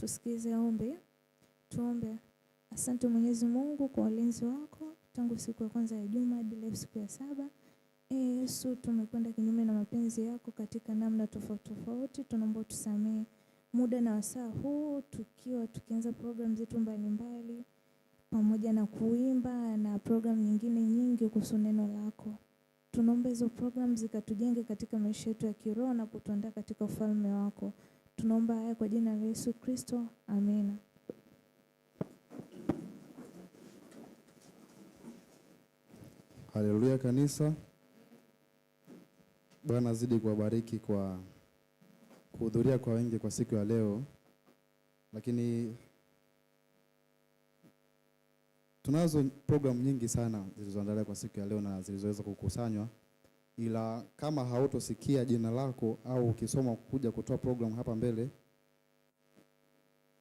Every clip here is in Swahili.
Tusikize ombi. Tuombe. Asante Mwenyezi Mungu kwa ulinzi wako tangu siku ya kwanza ya juma hadi leo siku ya saba. E Yesu, tumekwenda kinyume na mapenzi yako katika namna tofauti tofauti, tunaomba tusamehe. Muda na wasaa huu tukiwa tukianza programu zetu mbalimbali pamoja na kuimba na programu nyingine nyingi kuhusu neno lako, tunaomba hizo programu zikatujenge katika maisha yetu ya kiroho na kutuandaa katika ufalme wako. Tunaomba haya kwa jina la Yesu Kristo, amina. Haleluya kanisa. Bwana azidi kuwabariki kwa kuhudhuria kwa wengi kwa siku ya leo, lakini tunazo programu nyingi sana zilizoandaliwa kwa siku ya leo na zilizoweza kukusanywa ila kama hautosikia jina lako au ukisoma kuja kutoa program hapa mbele,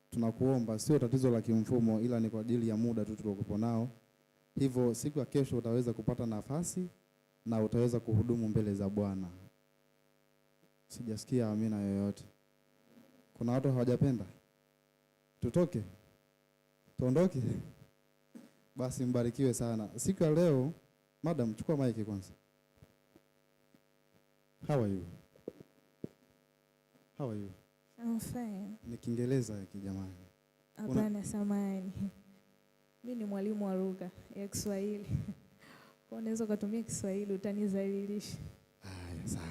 tunakuomba, sio tatizo la kimfumo, ila ni kwa ajili ya muda tu tuliokuwa nao. Hivyo siku ya kesho utaweza kupata nafasi na utaweza kuhudumu mbele za Bwana. Sijasikia amina yoyote. Kuna watu hawajapenda, tutoke, tuondoke. Basi mbarikiwe sana siku ya leo. Madam, chukua maiki kwanza. How are you? How are you? I'm fine. Ni Kiingereza ya jamani. Hapana, samahani. Mimi ni mwalimu wa lugha ya Kiswahili. Kwa unaweza ukatumia Kiswahili utanizalilisha. Haya, sawa.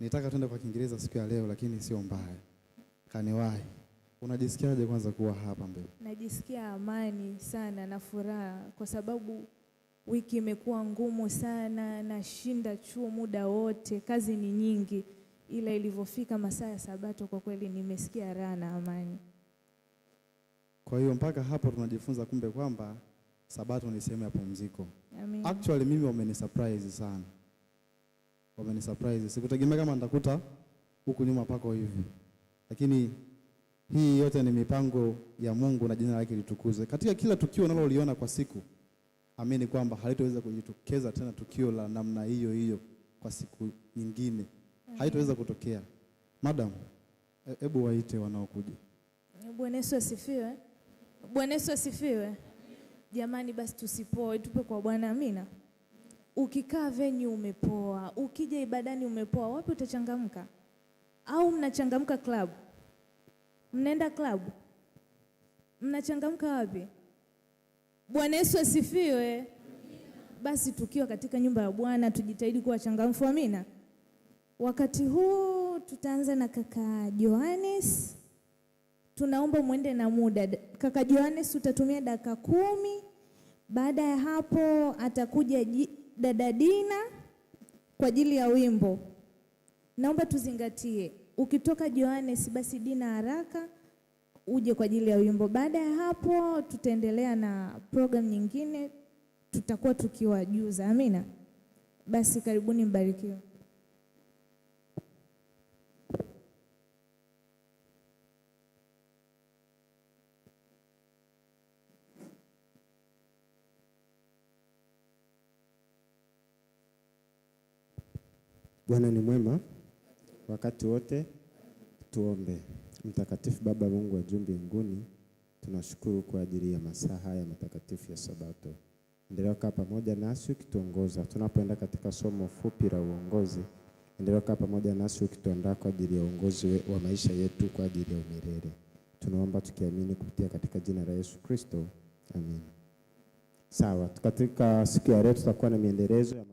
Nitaka tuende kwa Kiingereza siku ya leo lakini sio mbaya. Kaniwahi. Unajisikiaje kwanza kuwa hapa mbele? Najisikia amani sana na furaha kwa sababu wiki imekuwa ngumu sana, nashinda chuo muda wote, kazi ni nyingi, ila ilivyofika masaa ya Sabato kwa kweli nimesikia raha na amani. Kwa hiyo mpaka hapo tunajifunza kumbe kwamba Sabato ni sehemu ya pumziko. Amen. Actually mimi surprise sana, surprise, sikutegemea kama nitakuta huku nyuma pako hivi, lakini hii yote ni mipango ya Mungu na jina lake litukuzwe katika kila tukio unaloliona kwa siku amini kwamba halitoweza kujitokeza tena tukio la namna hiyo hiyo kwa siku nyingine, haitoweza kutokea. Madam, hebu e-, waite wanaokuja. Bwana Yesu asifiwe! Bwana Yesu asifiwe! Jamani, basi tusipoe, tupe kwa Bwana. Amina. Ukikaa venyu umepoa, ukija ibadani umepoa, wapi utachangamka? Au mnachangamka klabu? Mnaenda klabu? Mnachangamka wapi? Bwana Yesu asifiwe. Basi tukiwa katika nyumba ya Bwana tujitahidi kuwa changamfu, amina. Wakati huu tutaanza na kaka Johannes, tunaomba mwende na muda. Kaka Johannes utatumia dakika kumi. Baada ya hapo atakuja dada Dina kwa ajili ya wimbo. Naomba tuzingatie, ukitoka Johannes basi Dina haraka uje kwa ajili ya wimbo. Baada ya hapo, tutaendelea na program nyingine, tutakuwa tukiwajuza. Amina. Basi karibuni, mbarikiwe. Bwana ni mwema wakati wote. Tuombe. Mtakatifu Baba Mungu wa juu mbinguni, tunashukuru kwa ajili ya masaa haya matakatifu ya Sabato. Endelea kaa pamoja nasi ukituongoza tunapoenda katika somo fupi la uongozi. Endelea kaa pamoja nasi ukituandaa kwa ajili ya uongozi wa maisha yetu kwa ajili ya umilele. Tunaomba tukiamini kupitia katika jina la Yesu Kristo, amen. Sawa, katika siku ya leo tutakuwa na miendelezo ya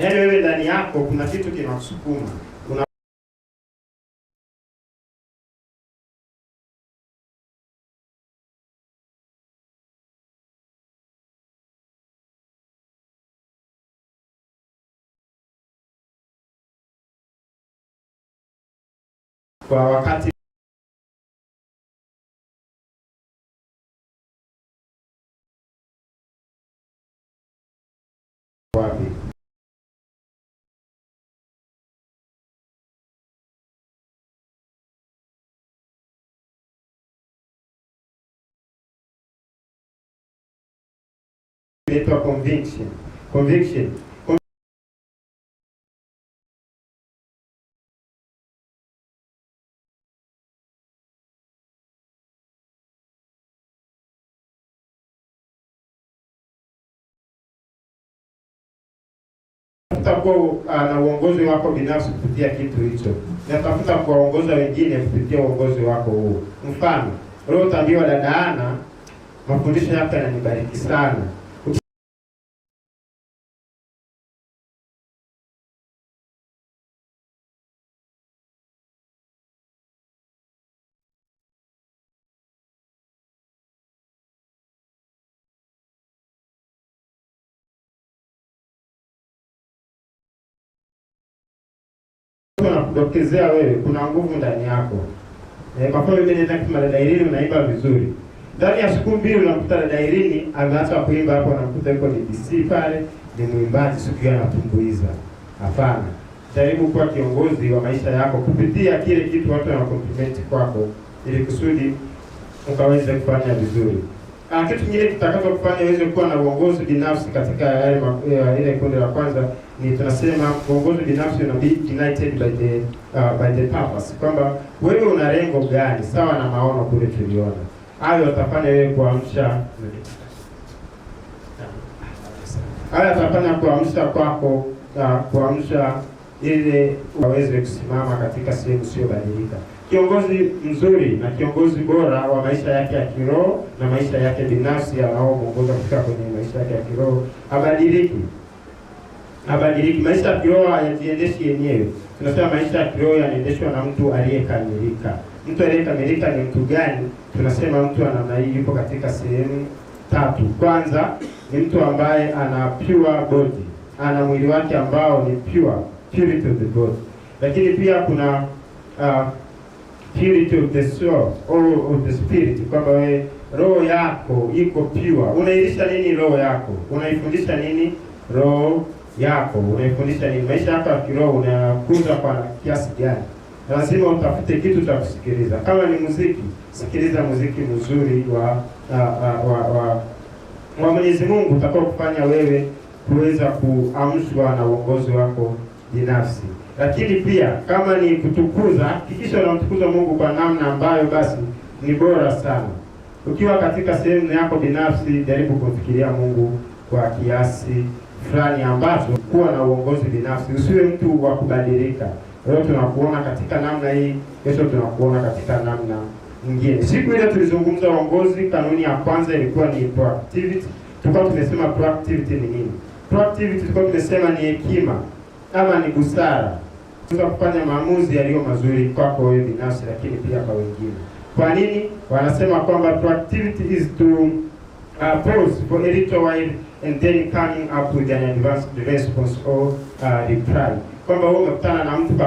Yaani wewe ndani yako kuna kitu kinakusukuma kuna kwa wakati inaitwa conviction. Conviction. Utakuwa uh, na uongozi wako binafsi kupitia kitu hicho, natafuta kuwaongoza wengine kupitia uongozi wako huo. Mfano, leo utaambiwa dadaana, mafundisho yako yananibariki sana nakudokezea wewe, kuna nguvu ndani yako. Eh, kwa kweli mimi nenda kama dada Irini unaimba vizuri. Ndani ya siku mbili unakuta dada Irini ameacha kuimba hapo, unamkuta yuko DC pale, ni mwimbaji, siku hiyo anatumbuiza. Hapana, jaribu kuwa kiongozi wa maisha yako kupitia kile kitu watu wanakomplimenti kwako, ili kusudi ukaweze kufanya vizuri. Uh, kitu kingine kitakacho kufanya iweze kuwa na uongozi binafsi katika ile kundi la kwanza ni tunasema uongozi binafsi una be united by the uh, by the purpose, kwamba wewe una lengo gani, sawa na maono kule tuliona hayo atafanya wewe kuamsha hayo atafanya kuamsha kwako uh, kuamsha ili waweze kusimama katika sehemu sio badilika. Kiongozi mzuri na kiongozi bora wa maisha yake ya kiroho na maisha yake binafsi anaomuongoza kufika kwenye maisha yake ya kiroho abadiliki, abadiliki. Maisha ya kiroho hayajiendeshi yenyewe. Tunasema maisha ya kiroho yanaendeshwa na mtu aliyekamilika. Mtu aliyekamilika ni mtu gani? Tunasema mtu wa namna hii yupo katika sehemu tatu. Kwanza ni mtu ambaye ana pure body, ana mwili wake ambao ni pure, purity of the body, lakini pia kuna uh, purity of the soul or of the spirit, kwamba wewe roho yako iko pure. Unailisha nini roho yako? Unaifundisha nini roho yako? Unaifundisha nini? Maisha yako ya kiroho unakuza kwa kiasi gani? Lazima utafute kitu cha kusikiliza. Kama ni muziki, sikiliza muziki mzuri wa wa wa, wa Mwenyezi Mungu utakao kufanya wewe kuweza kuamshwa na uongozi wako binafsi lakini pia kama ni kutukuza, hakikisha unamtukuza Mungu kwa namna ambayo basi ni bora sana. Ukiwa katika sehemu yako binafsi, jaribu kumfikiria Mungu kwa kiasi fulani ambacho kuwa na uongozi binafsi. Usiwe mtu wa kubadilika. Leo tunakuona katika namna hii, kesho tunakuona katika namna nyingine. Siku ile tulizungumza uongozi, kanuni ya kwanza ilikuwa ni proactivity. Tulikuwa tumesema proactivity ni nini? Proactivity tulikuwa tumesema ni hekima ama ni busara tunaweza kufanya maamuzi yaliyo mazuri kwako wewe binafsi, lakini pia kwa wengine. Kwa nini wanasema kwamba proactivity is to uh, pause for a little while and then coming up with an advanced response or uh, reply, kwamba wewe umekutana na mtu